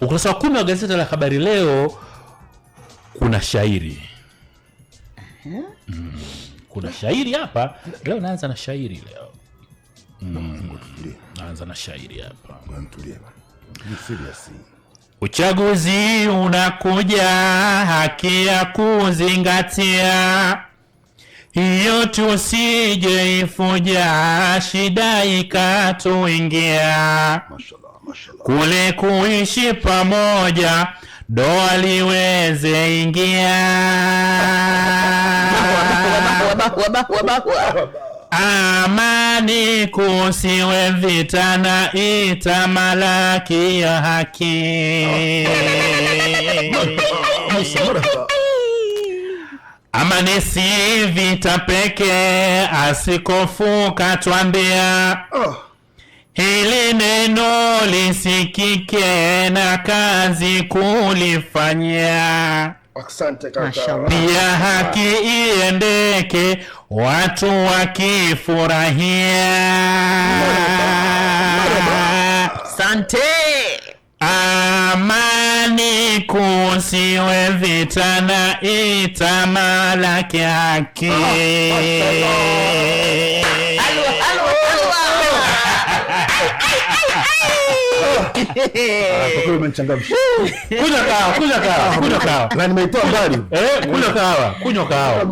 Ukurasa wa kumi wa gazeti la Habari Leo kuna shairi mm. kuna shairi hapa leo, naanza na shairi leo mm. naanza na shairi hapa. Uchaguzi unakuja, haki ya kuzingatia hiyo, tusijeifuja shida ikatuingia. Mashallah kule kuishi pamoja doa liweze ingia. Amani kusiwe vita na itamalaki ya haki. Amani si vita pekee, asikofu katwambia ah. hili neno lisikike na kazi kulifanyia. Pia haki iendeke, watu wakifurahia. sante Amani kusiwe vita na itamalaki ah, haki. Kunywa kahawa, kunywa kahawa, na nimeitoa mbali. Eh, kunywa kunywa